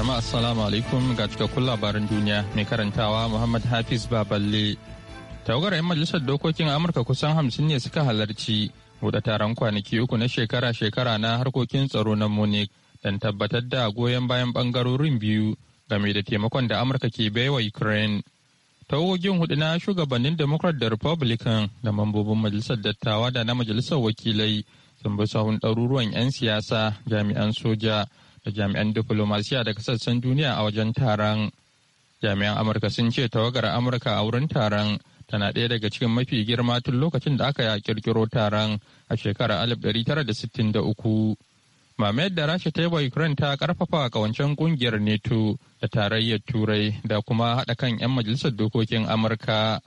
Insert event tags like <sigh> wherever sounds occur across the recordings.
Jama'a assalamu alaikum ga cikakkun labaran duniya mai karantawa Muhammad Hafiz Baballe. Tawagar 'yan majalisar dokokin Amurka kusan hamsin ne suka halarci buɗe taron kwanaki uku na shekara-shekara na harkokin tsaro na Munich don tabbatar da goyon bayan bangarorin biyu game da taimakon da Amurka ke baiwa Ukraine. Tawagogin hudu na shugabannin Democrat da Republican da mambobin majalisar dattawa da na majalisar wakilai sun bi sahun ɗaruruwan 'yan siyasa jami'an soja da jami'an diplomasiya daga sassan duniya a wajen taron. Jami'an Amurka sun ce tawagar Amurka a wurin taron tana ɗaya daga cikin mafi girma tun lokacin da aka kirkiro taron a shekarar 1963. tara da sittin da uku Rasha ta yi wa Ukraine ta karfafa kawancen ƙungiyar neto da tarayyar Turai da kuma haɗa kan 'yan majalisar dokokin Amurka.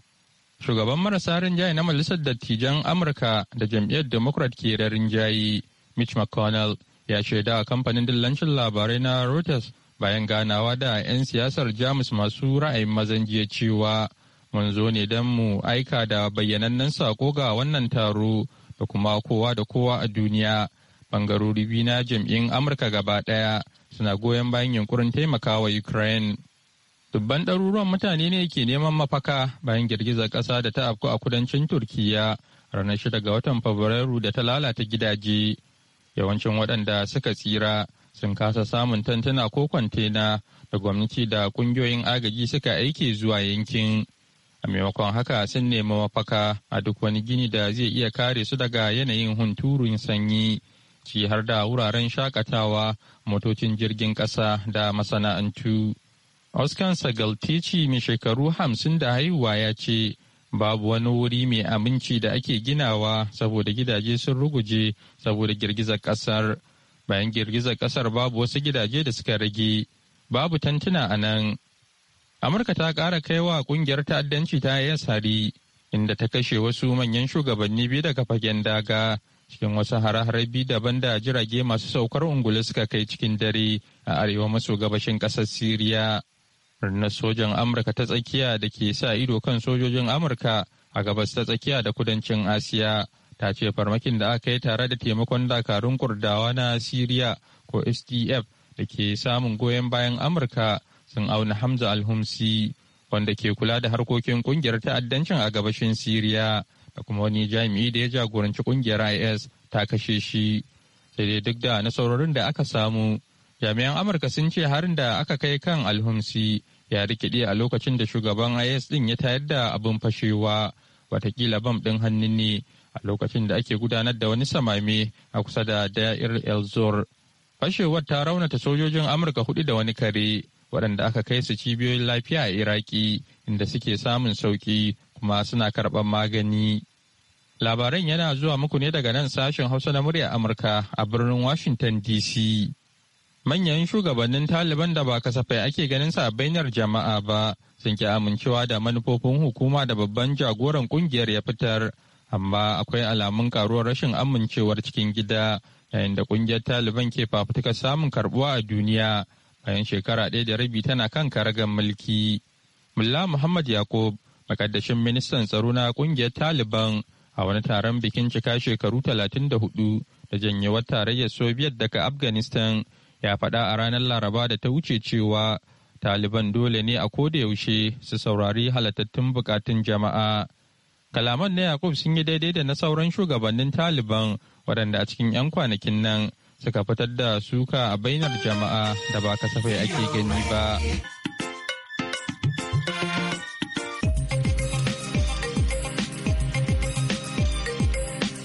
Shugaban marasa rinjaye na majalisar dattijan Amurka da jam'iyyar Democrat ke rinjaye Mitch McConnell ya shaida kamfanin dillancin labarai na Reuters bayan ganawa da 'yan siyasar Jamus masu ra'ayin mazan jiya cewa mun zo ne don mu aika da bayyanannen sako ga wannan taro da kuma kowa da kowa a duniya. Bangarori biyu na jam'in Amurka gaba ɗaya suna goyon bayan yunkurin taimakawa Ukraine. Dubban ɗaruruwan mutane ne ke neman mafaka bayan girgizar ƙasa da ta afku a kudancin Turkiyya ranar shida ga watan Fabrairu da ta lalata gidaje. yawancin waɗanda suka tsira sun kasa samun tantana ko kwantena da gwamnati da ƙungiyoyin agaji suka aiki zuwa yankin a maimakon haka sun nemi mafaka a duk wani gini da zai iya kare su daga yanayin hunturun sanyi ci har da wuraren shakatawa motocin jirgin ƙasa da masana'antu. Oscar Sagaltici mai shekaru hamsin da haihuwa ya ce babu wani wuri mai aminci da ake ginawa saboda gidaje sun ruguje saboda girgizar kasar bayan girgizar kasar babu wasu gidaje da suka rage babu tantuna a nan amurka ta ƙara kaiwa kungiyar ta'addanci ta yi hari inda ta kashe wasu manyan shugabanni biyu daga fagen daga cikin wasu hare biyu daban da jirage masu saukar ungulu suka kai cikin dare a arewa maso gabashin ƙasar siriya na sojan amurka ta tsakiya da ke sa ido kan sojojin amurka a gabas ta tsakiya da kudancin asiya ta ce farmakin da aka yi tare da taimakon dakarun kurdawa na siriya ko sdf da ke samun goyon bayan amurka sun auna hamza alhumsi wanda ke kula da harkokin kungiyar ta'addancin a gabashin siriya da kuma wani jami'i da ya jagoranci kungiyar is ta kashe shi sai dai duk da nasarorin da aka samu jami'an amurka sun ce harin da aka kai kan alhumsi ya rikidi a lokacin da shugaban is din ya tayar da abin fashewa watakila bam din hannu ne a lokacin da ake gudanar da wani samame a kusa da da'ir zor fashewar ta raunata sojojin amurka hudu da wani kare waɗanda aka kai su cibiyoyin lafiya a iraki inda suke samun sauki kuma suna karɓar magani labaran yana zuwa muku ne daga nan sashen hausa na murya amurka a birnin washington dc manyan shugabannin taliban da ba kasafai ake ganin sa bainar jama'a ba sun ki amincewa da manufofin hukuma da babban jagoran kungiyar ya fitar amma akwai alamun karuwar rashin amincewar cikin gida yayin da kungiyar taliban ke fafutuka samun karbuwa a duniya bayan shekara ɗaya da rabi tana kan karagar mulki mulla muhammad yakub makaddashin ministan tsaro na kungiyar taliban a wani taron bikin cika shekaru talatin da hudu da janyewar tarayyar soviet daga afghanistan ya faɗa a ranar laraba da ta wuce cewa taliban dole ne a ko da yaushe su saurari halattattun bukatun jama'a kalaman na yakub sun yi daidai da na sauran shugabannin taliban waɗanda a cikin 'yan kwanakin nan suka fitar da suka a bainar jama'a da ba kasafai ake gani ba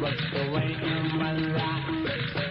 but the way you're my life.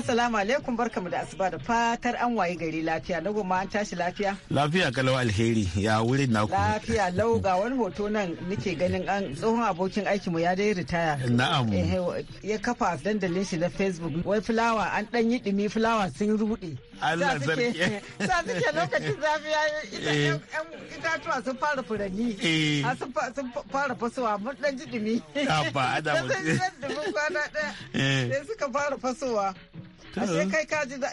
Assalamu alaikum barkamu da asuba da fatar an wayi gari lafiya na goma an tashi lafiya. Lafiya kalau alheri ya wurin naku. Lafiya lau ga wani hoto nan nake ganin an tsohon abokin aikinmu ya dai ritaya. Na'am. Ya kafa dandalin shi na Facebook wai fulawa an dan yi dumi fulawa sun rude. Allah zarki. Sa suke lokacin zafi ya eh. itatuwa sun fara furanni. Eh. Sun fara fasowa mun dan ji dumi. Ba ada <laughs> mu. Eh. Sai suka fara fasowa. sai kai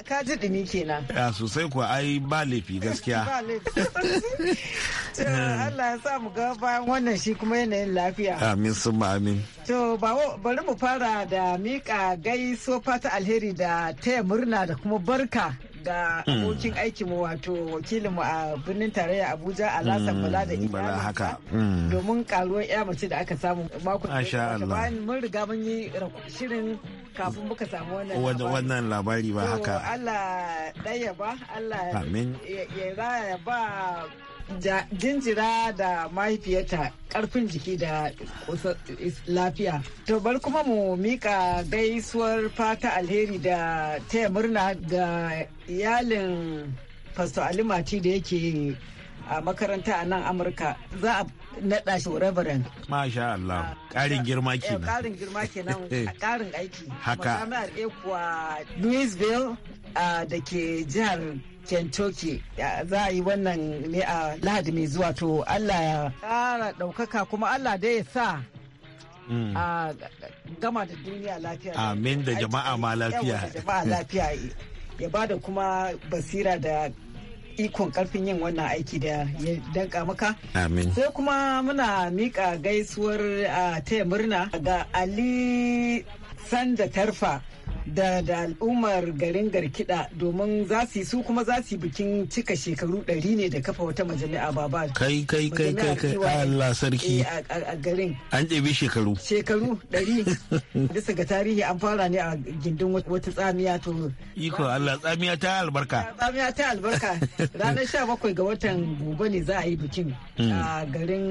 ka ji dumi kenan. Ya sosai kuwa ai ba laifi gaskiya. Allah ya sa mu ga bayan wannan shi kuma yanayin lafiya. Amin sun amin. To bari mu fara da mika gaiso fata alheri da taya murna da kuma barka da hmm. abokin aikinmu wato wakilinmu a birnin tarayya abuja a lasan hmm, bala da haka. Hmm. domin karuwar ya mace da aka samu makon da bayan mun riga mun yi shirin kafin muka samu wannan labari ba haka Allah ɗaya ba Allah ya ba jinjira da mahaifiyata karfin jiki da lafiya. To bar kuma mu mika gaisuwar fata alheri da taya murna ga iyalin Pastor Ali Mati da yake a makaranta a nan Amurka. Za a naɗa shi reverend. Masha Allah. Ƙarin girma eh, nan. Ƙarin girma nan <laughs> eh, Ƙarin aiki. Haka. Majami'ar Ekuwa Louisville da ke jihar Kentucky za a yi wannan ne a Lahadi mai zuwa to Allah ya ƙara ɗaukaka kuma Allah dai ya sa mm. a gama da duniya lafiya. Amin da jama'a ma lafiya. Ya lafiya ya kuma basira da ikon karfin yin wannan aiki da ya danka maka. Amin. Sai kuma muna mika gaisuwar taya murna ga Ali sanda tarfa da da al'ummar garin garkida domin za su yi su kuma za su yi bikin cika shekaru ɗari ne da kafa wata majami'a baba kai kai kai kai kai Allah sarki eh, a garin an ɗebi shekaru shekaru ɗari <laughs> bisa ga tarihi an fara ne a gindin wata tsamiya to iko Allah tsamiya ta albarka <laughs> tsamiya ta albarka ranar sha bakwai ga watan gobe ne za a yi bikin hmm. a garin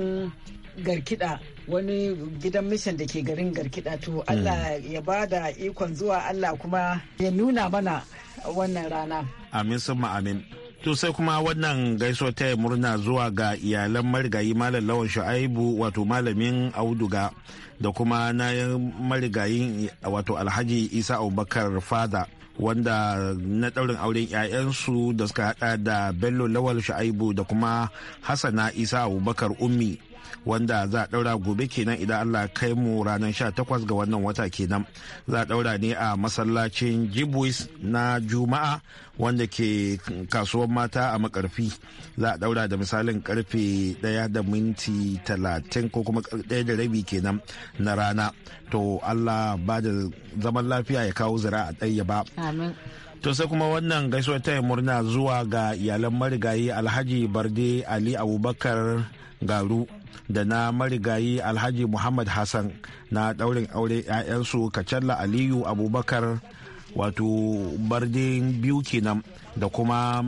garkida wani gidan mission da ke garin garkida to hmm. Allah ya ba da ikon zuwa Allah kuma ya nuna mana wannan rana. Amin summa amin. To sai kuma wannan gaiso ta murna zuwa ga iyalan marigayi Malam Lawan Shu'aibu wato malamin Auduga da kuma na marigayin wato Alhaji Isa Abubakar Fada. wanda na ɗaurin auren 'ya'yansu da suka hada da bello lawal sha'aibu da kuma hassana isa abubakar ummi wanda za a daura gobe kenan idan Allah kai mu ranar 18 ga wannan wata kenan za a daura ne a masallacin Jibwis na Juma'a wanda ke kasuwar mata a makarfi za a daura da misalin karfe daya da minti talatin ko kuma daya da rabi kenan na rana to Allah ba da zaman lafiya ya kawo zira a ɗaya ba to sai kuma wannan gaisuwar ta murna zuwa ga iyalan marigayi alhaji barde ali abubakar garu da na marigayi alhaji muhammad hassan na daurin aure 'ya'yansu kacalla aliyu abubakar wato bardin biyu kenan da kuma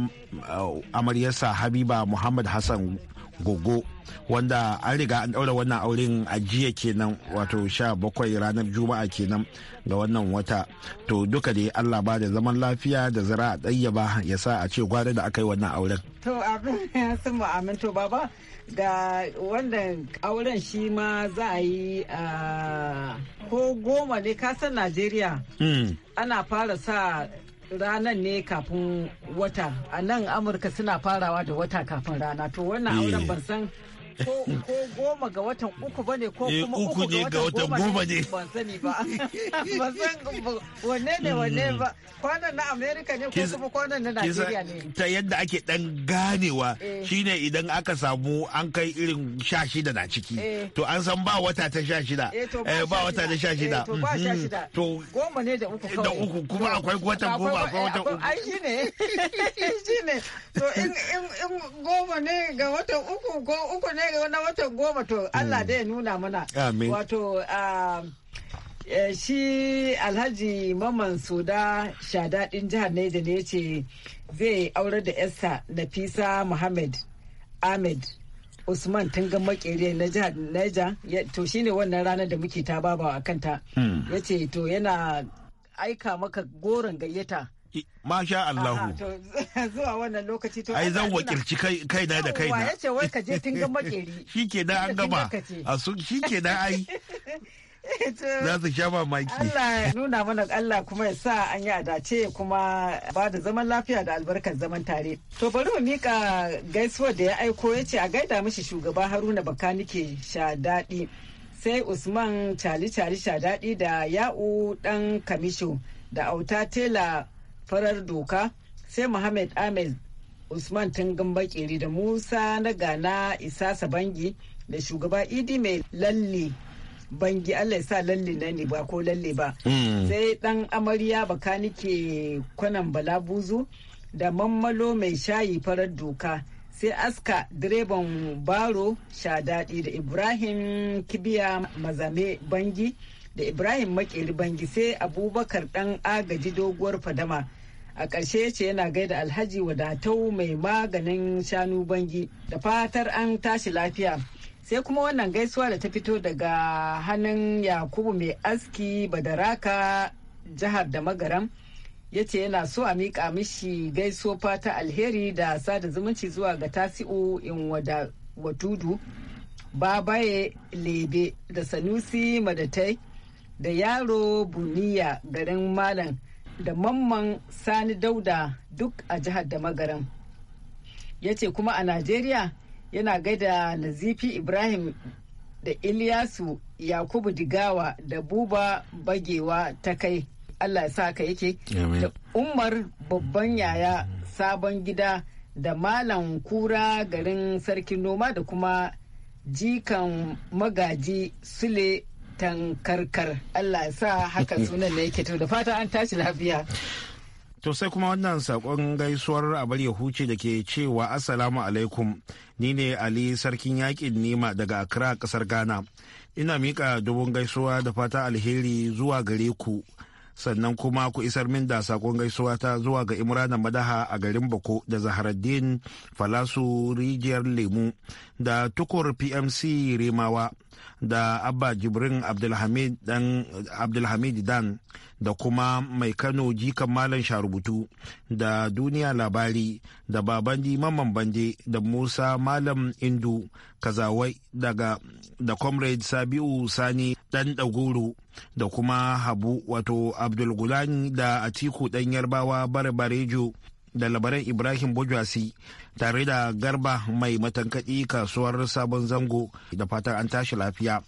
uh, amaryarsa habiba muhammad hassan gogo wanda an riga an daura wannan auren a jiya kenan wato sha bakwai ranar juma'a kenan ga wannan wata to duka da allah ba da zaman lafiya da zira a ɗayyaba ya sa a ce gwada da aka yi wannan auren to abin sun ba baba da wannan auren shi ma za a yi ko goma ne kasan najeriya hmm. ana fara sa ranan ne kafin wata a nan amurka suna farawa da wata kafin rana to wannan auren eh. ban san ko goma ga watan uku ba ne ko eh, kuma uku ne ga watan goma ne ban sani ba <laughs> ban san wanne ne wanne ba kwanan na Amerika ne ko kuma kwanan na nigeria ne ta yadda ake dan ganewa eh. shine idan aka samu an kai irin sha shida na ciki eh. to an san ba wata ta sha shida ba wata ta sha mhm. shida to goma ne da uku da uku kuma akwai watan goma akwai watan uku ai shine <laughs> shine to in goma ne ga watan uku ko uku ne na watan goma to Allah mm. da ya nuna mana. Amin. Wato ah, eh, shi Alhaji Maman Soda Shadadin jihar Neja ne ce zai aurar da Esther Nafisa Muhammad Ahmed Usman tun ga Makere na jihar Neja to shine wannan ranar da muke ta babawa a kanta. Hmm. Ya ce to yana aika maka goron gayyata. Masha Allahu. <laughs> Zuwa wannan lokaci to. Ai zan wakilci kai na da kai na. Ya ce wai ka je tun ga makeri. <laughs> Shi ke da an gama. A su shi ke da ai. <laughs> Za su sha mamaki. Allah ya nuna mana Allah kuma ya sa an yi dace kuma ba da zaman lafiya da albarkar zaman tare. To bari mu mika gaisuwar da ya aiko ya ce a gaida mishi shugaba Haruna Bakanike sha daɗi. Sai Usman Cali Cali sha daɗi da Ya'u ɗan Kamisho da Auta Tela farar doka sai Muhammad Ahmed Usman tangan Bakiri da Musa na Gana Isasa Bangi da shugaba Idi mai lalle bangi Allah sa lalle na ne ba ko lalle ba. Hmm. Sai dan amarya baka bakanike kwanan balabuzu da mammalo mai shayi farar doka. sai aska direban baro sha daɗi da ibrahim kibiya mazame bangi da ibrahim makeri bangi sai abubakar dan agaji doguwar fadama a ƙarshe ce yana gaida alhaji wadatau mai maganin shanu bangi da fatar an tashi lafiya sai kuma wannan gaisuwa da ta fito daga hannun yakubu mai aski badaraka jihar da magaram ya ce yana so a mika mishi gaisuwa fata alheri da sada zumunci zuwa ga tasi'u in wada watudu babaye lebe da sanusi madatai da yaro buniya garin malam da mamman sani dauda duk a jihar da magaran ya ce kuma a najeriya yana gaida nazifi ibrahim da iliyasu yakubu digawa da buba bagewa ta kai allah ya sa ka yake da umar babban yaya sabon gida da malam kura garin sarkin noma da kuma jikan magaji sule tankarkar Allah sa haka <laughs> sunan ne yake to da fata an tashi lafiya To sai kuma wannan sakon gaisuwar abar huce da ke cewa Assalamu alaikum ni ne Ali sarkin yakin nema daga Accra ƙasar Ghana. Ina miƙa dubun gaisuwa da fata alheri zuwa gare ku sannan kuma ku isar min da sakon gaisuwa ta zuwa ga Imrana Madaha a garin Bako da Zaharaddin Falasu Rijiyar Lemu da Tukur PMC Remawa da abba jibrin abdulhamid dan da kuma mai kano jikan malam sharubutu da duniya labari da babandi mamman bande da musa malam indu kazawai daga da comrade sabiu sani dan dagoro da kuma habu wato abdulgulani da atiku dan yarbawa bare barejo da labaran ibrahim bujwasi tare da garba mai matankaɗi kasuwar sabon zango da fatan an tashi lafiya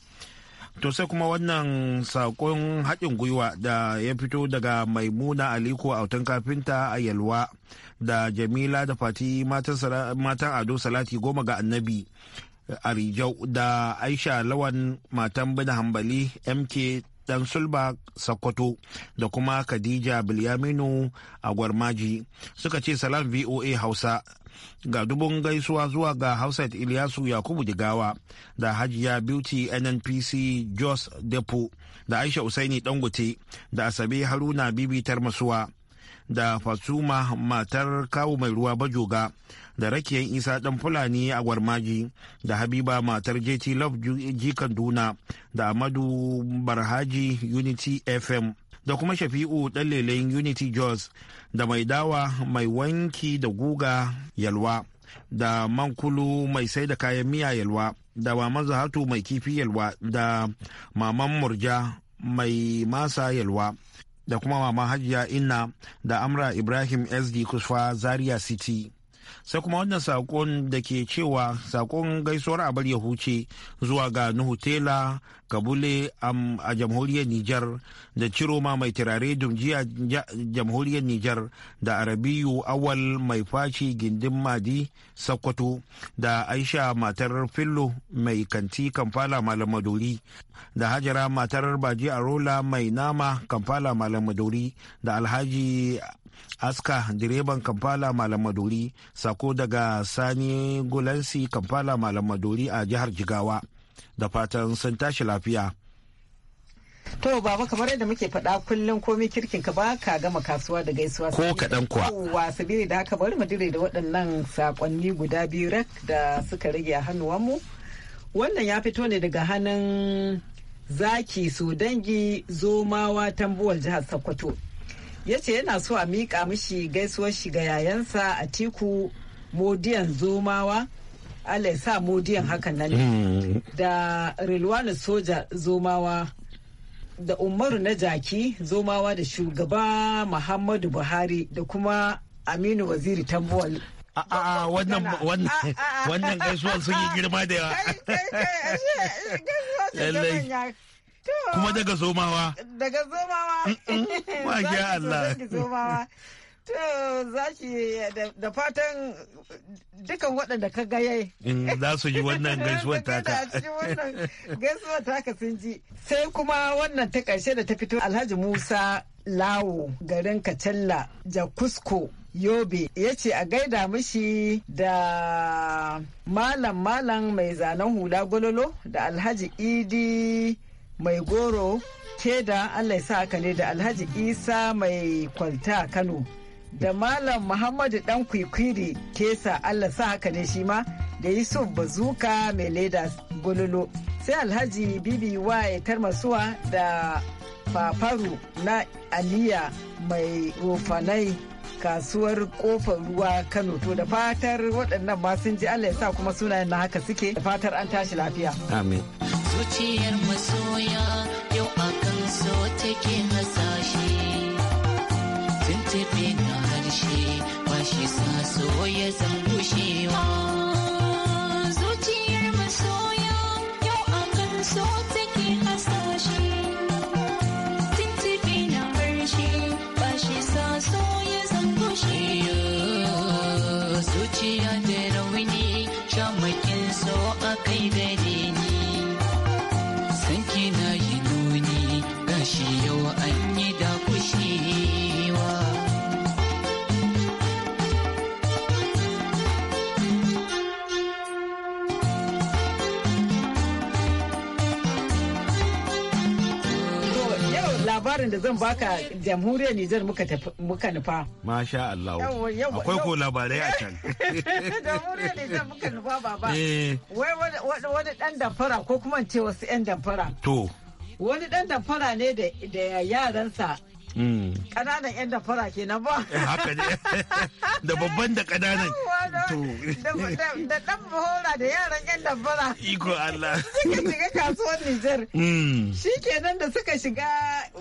to sai kuma wannan saƙon haɗin gwiwa da ya fito daga maimuna aliko autan kafinta a yalwa da jamila da fati matan ado salati goma ga annabi a rijau da aisha lawan matan bin hambali mk dan sulba sakkwato da kuma khadija bilyaminu a gwarmaji suka ce salam voa hausa ga dubun gaisuwa zuwa ga hausat iliyasu yakubu digawa da hajiya beauty nnpc jos depo da aisha usaini dangote da asabe haruna bibi tarmasuwa da fatuma matar kawo mai ruwa bajoga da rakiyan isa dan fulani a gwarmaji da habiba matar jt love jikan kaduna da amadu barhaji unity fm da kuma shafi'u dan lelen unity jos da mai dawa mai wanki da guga yalwa da mankulu mai sai da kayan miya yalwa da maman zahatu mai kifi yalwa da maman murja mai masa yalwa da kuma mama hajiya inna da amra ibrahim sd kusfa zaria city sai kuma wannan sakon da ke cewa sakon gaisuwar abar ya huce zuwa ga nuhu tela kabule a jamhuriyar niger da ciroma mai turare dumjiya jamhuriyar niger da arabiyu awal mai faci gindin madi sakkwato da aisha matar fillo mai kanti kamfala malam maduri da hajara matar baji arola mai nama kamfala malam maduri da alhaji aska direban kampala malam maduri sako daga sani gulansi kampala malam maduri a jihar jigawa da fatan sun tashi lafiya To baba kamar yadda muke faɗa kullum komai kirkin ka ba ka gama kasuwa da gaisuwa. Ko kaɗan kuwa. wasu sabili da haka bari mu dire da waɗannan sakonni guda biyu rak da suka rage a hannuwan mu Wannan ya fito ne daga hannun zaki su dangi zomawa tambuwal jihar Sokoto. ya ce yana so a miƙa mishi gaisuwar shi ga yayansa a tiku modiyan zomawa allah sa modiyan hakan nan hmm. da rilwani soja zomawa da umaru na jaki zomawa da shugaba muhammadu buhari da kuma aminu waziri tambuwal A'a wannan wannan gaisuwar sun yi girma da yawa. <laughs> Kuma daga zomawa. Daga zomawa. <laughs> Ma ya Allah. To za ki da fatan dukan waɗanda ka gaye. Za su ji wannan <laughs> gaisuwar taka. Gaisuwar taka sun ji. Sai kuma wannan ta ƙarshe da ta fito Alhaji Musa Lawo garin Kacalla Jakusko Yobe ya ce a gaida mishi da malam malam mai zanen hula gololo da Alhaji Idi mai goro da allah ya sa aka ne da alhaji isa mai kwalta kano da malam muhammadu dan kwikwiri kesa allah sa haka ne shi ma da yusuf bazuka mai leda gololo sai alhaji bibi waye tarmasuwa da fafaru na aliya mai rufanai kasuwar kofar ruwa Kano to da fatar waɗannan ma sun ji Allah ya sa kuma sunayen na haka suke da fatar an tashi lafiya. Amin. Zuciyar masoya yau akan so take hasashe tuntube na harshe ba shi sa so ya zan gushewa. Zuciyar masoya da zan baka jamhuriyar Nijar muka nufa. Masha Allah. Akwai ko labarai a can. <laughs> Jamhuriyar Nijar muka nufa baba. Eh. Wai wani dan damfara ko kuma ce wasu 'yan damfara. To. Wani dan damfara ne da yaransa kananan mm. 'yan damfara kenan ba. Eh, haka ne. <laughs> Da babban da kananan. da dan mahora da yaran yan dabbara iko Allah <laughs> suka shiga kasuwar Nijar hmm. shi kenan da suka shiga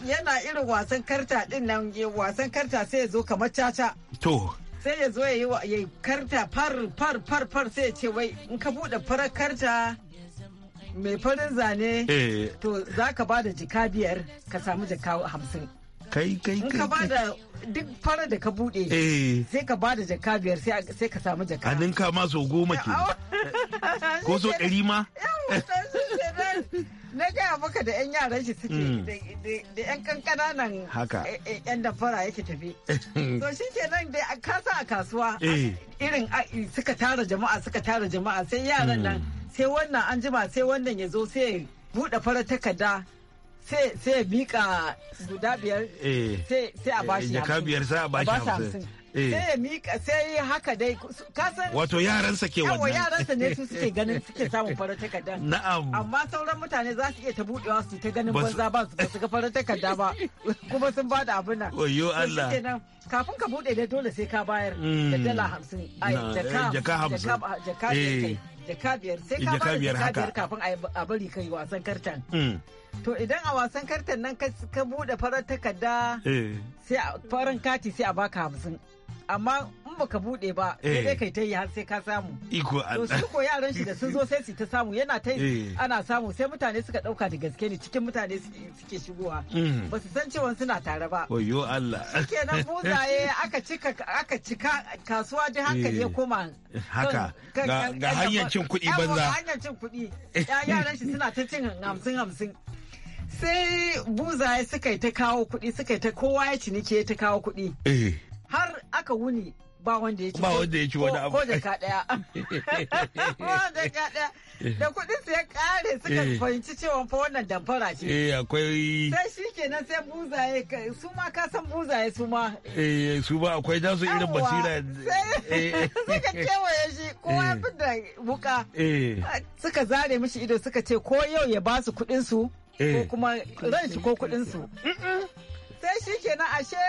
yana irin wasan karta din nan wasan karta sai ya zo kamar caca to sai ya zo ya yi karta far far far far sai ya ce wai in ka bude farar karta mai farin zane eh. to za ka ba da jika biyar ka samu jika hamsin kai kai kai ka bada duk fara da ka bude eh. sai ka bada jaka biyar sai ka samu jaka a ninka ma so goma ke <laughs> ko so ɗari ma na gaya maka da 'yan yaran shi suke hmm. da 'yan kankana nan haka 'yan fara yake tafi <laughs> to shi ke nan da kasa a kasuwa eh. irin suka tara jama'a suka tara jama'a sai yaran nan hmm. sai wannan an jima sai wannan ya zo sai buɗe fara takarda sai sai miƙa guda biyar eh. sai a bashi eh, jaka biyar sai a bashi hamsin eh. sai ya mika sai haka dai kasan wato yaransa ke wannan yawa yaransa ne su suke ganin suke samun farar takarda na'am amma sauran mutane za su iya ta budewa su ta ganin banza ba su ga farar takarda ba <laughs> kuma sun ba da abuna oyo Allah kafin ka buɗe dai dole sai ka bayar da hmm. dala hamsin ai jaka jaka hamsin jaka jaka biyar sai ka bari jaka biyar kafin a bari kai wasan kartan hmm. to idan a wasan kartan nan ka bude farar takarda eh. sai farin kati sai a baka hamsin amma in baka bude ba sai eh. kai ta yi har sai ka samu iko to su ko yaran shi da sun zo sai su ta samu yana ta eh. ana samu sai mutane suka dauka da gaske ne cikin mutane suke shigowa hmm. ba su san cewa suna tare ba oyo Allah kenan buzaye aka cika aka cika kasuwa da hankali eh. ya koma haka ga hanyar cin kuɗi banza hanyar cin kuɗi yaran shi suna ta cin hamsin hamsin sai buzaye suka yi ta kawo kuɗi suka yi ta kowa ya ciniki ya ta kawo kuɗi aka wuni ba wanda ya ci ba wanda ya ci wani abu ko da daya daya da kudin su ya kare suka eh. fahimci cewa fa wannan damfara ce eh akwai sai shikenan sai buzaye su ma ka san buzaye su ma eh su ba akwai dan su irin basira eh <laughs> suka kewaye shi kowa ya da buka eh suka zare mishi ido suka ce ko yau ya ba su kudin su ko eh. kuma ran shi ko kudin su sai shi kenan ashe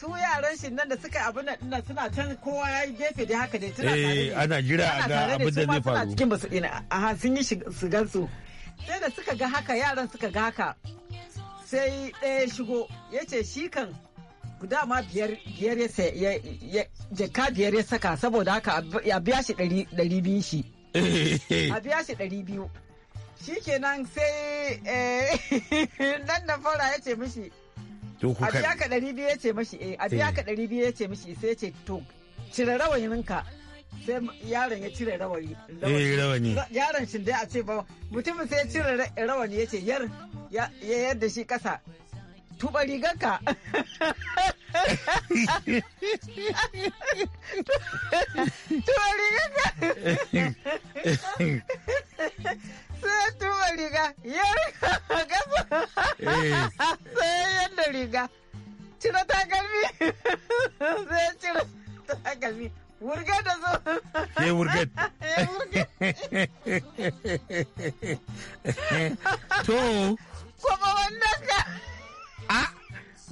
su yaran shi nan da suka abu na dina suna can kowa ya gefe da haka dai tana tare eh ana jira a ga abu da zai faru cikin basu dina aha sun yi su gansu sai da suka ga haka yaran suka ga haka sai ɗaya shigo yace shi kan guda ma biyar biyar ya jaka biyar ya saka saboda haka a <laughs> biya shi ɗari biyu shi a biya shi ɗari biyu shikenan sai eh, <laughs> nan da fara ya ce mishi a biya ka ɗari biyu ya ce mashi eh a biya eh. ka ɗari biyu ya ce mashi sai ya ce to cire rawayininka sai yaron ya cire rawani rawani eh, yaron shi dai a ce ba mutumin sai ya cire rawani ya ce yar ya yadda shi kasa tuba rigarka <laughs> tuba rigarka <laughs> <laughs> tu riga ya riga sai yadda riga te takalmi sai cire takalmi wurgar da zo ke urget? to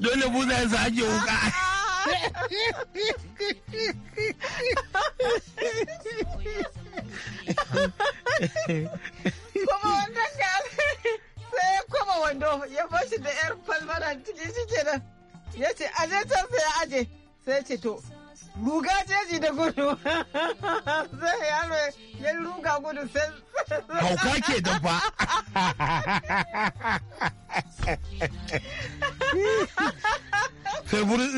a buza kuma wannan da sai ya koma wando ya bashi da yar falmara ciki shi nan ya ce aje can sai ya aje sai ya ce to ruga jeji da gudu <laughs> sai yaro ya ruga gudu sai hauka ke da ba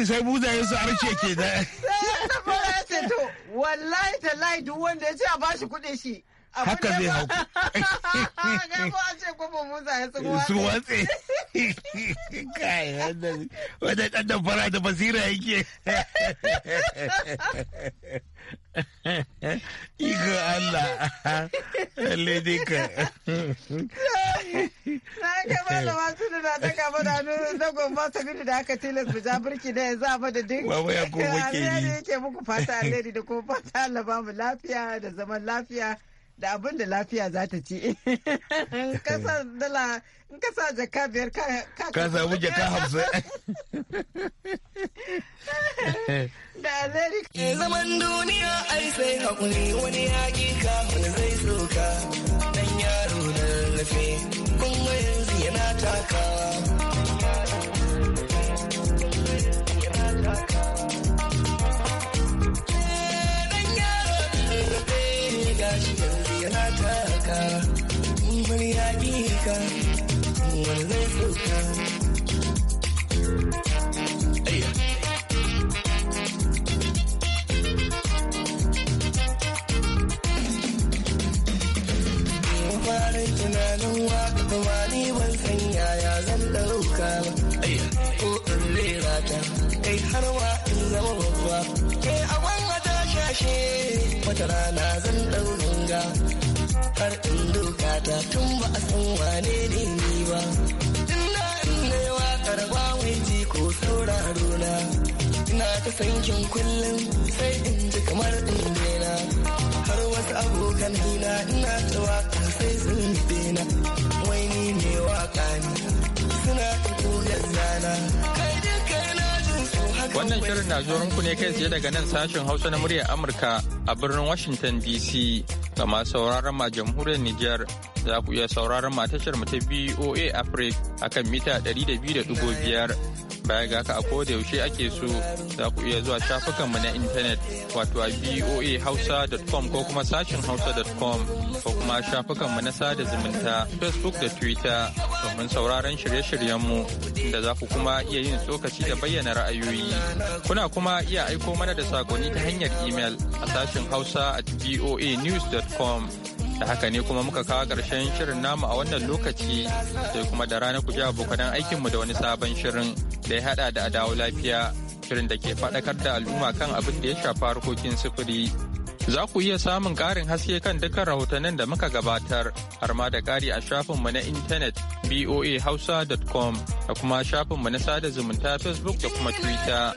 sai buzayen su arke ke da sai ya ce to wallahi ta duk wanda ya ce a bashi kuɗin shi haka zai hau <laughs> su watse kai wadda ɗan fara da basira yake Iko Allah, lady ka. Na da masu da na ta kama da nuna na gomba ta gudu da aka tilas bu ja birki da yanzu a madadin. Baba ya kuma ke yi. Alheri yake muku fata alheri da kuma fata Allah ba mu lafiya da zaman lafiya. da abin da lafiya za ta ci in kasa jaka biyar ka ka samu jaka hamsin da alheri eh, zaman duniya ai sai hakuri wani yaƙi wani zai soka dan yaro na lafe kuma yanzu yana takawa yana takawa na ka wannan tsoka tunanin waka kuma ni ban san yaya zan ɗauka ba ko in rera ta kai har wa in zama babba kai a wata shashe wata rana zan ɗau har in doka ta tun ba a san wane ne ni ba tun da in na yi ba wai ji ko sauraro na ina ta sankin kullum sai in ji kamar in daina har wasu abokan hina ina ta waka sai sun na. wai ni ne waƙa ne suna ta kogar zana Wannan shirin na zo muku ne kai tsaye daga nan sashen Hausa na muryar Amurka a birnin Washington DC. Kama sauraron ma jamhuriyar Nijar za ku iya sauraron ma tashar mu ta BOA Africa akan mita 200.5. baya ga haka a koda yaushe ake so za ku iya zuwa shafukanmu na intanet wato a voahausa.com ko kuma sashin hausa.com ko kuma shafukanmu na sada zumunta facebook da twitter domin sauraron shirye-shiryenmu da za ku kuma iya yin tsokaci da bayyana ra'ayoyi kuna kuma iya aiko mana da sakonni ta hanyar email a sashin hausa at voanews.com da haka ne kuma muka kawo ƙarshen shirin namu a wannan lokaci sai kuma da rana ku ji abokan aikinmu da wani sabon shirin da ya haɗa da adawo lafiya shirin da ke faɗakar da al'umma kan abin da ya shafa harkokin sufuri za ku iya samun ƙarin haske kan dukkan rahotannin da muka gabatar har ma da ƙari a shafinmu na intanet boa-hausa.com da kuma shafinmu na sada zumunta facebook da kuma twitter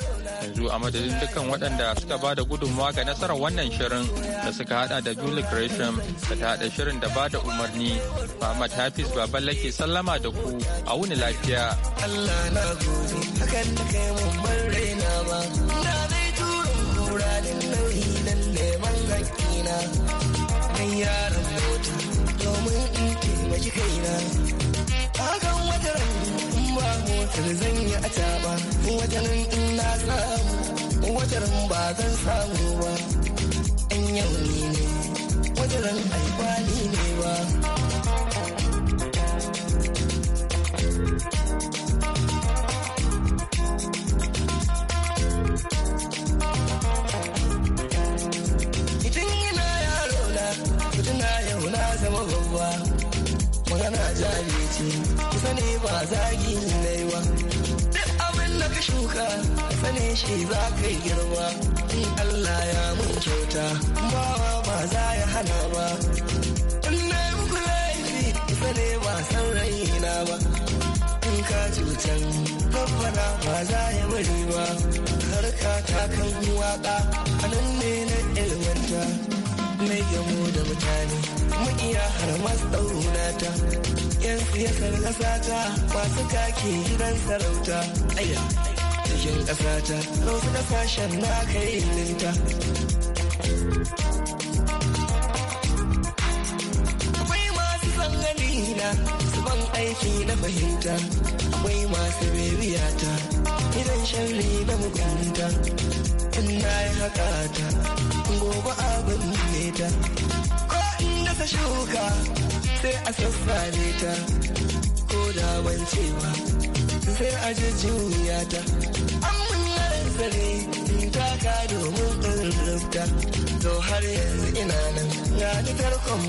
yanzu a madadin dukkan waɗanda suka ba da gudunmawa ga nasarar wannan shirin da suka hada da Julie Gresham da ta hada shirin da ba da umarni Muhammad Hafiz Baballe ke sallama da ku a wuni lafiya. Allah na gode hakan da kai raina ba na zai tura kura da nauyi nan neman hakkina dan yaran mota domin in taimaki kaina hakan wata ran ba motar zan yi a taɓa in na samu watarin ba zan samu ba in yau ne ne ba jari ce kusa ne ba zagi na yi ba duk abin da ka shuka Sani shi za ka yi girma in Allah ya mun kyauta bawa ba za ya hana ba in na yi muku laifi kusa ne ba san raina ba in ka cutar babbana ba za ya bari ba harka ta kan waka a ne na ilmanta mai gamo da mutane mu har masu ɗauna ta yan siyasar ƙasa ta masu kake gidan sarauta aya cikin ƙasa ta wasu kasashen na kai linta akwai masu zangali na su ban aiki na fahimta akwai masu bebiyata idan sharri na mugunta in na yi haka ta gobe abin ne ta ko in dasa shuka sai a sassare ta ko da wancewa sai a jujjuya ta amma na zare in taka domin in rufta to har yanzu ina nan na ni tarkon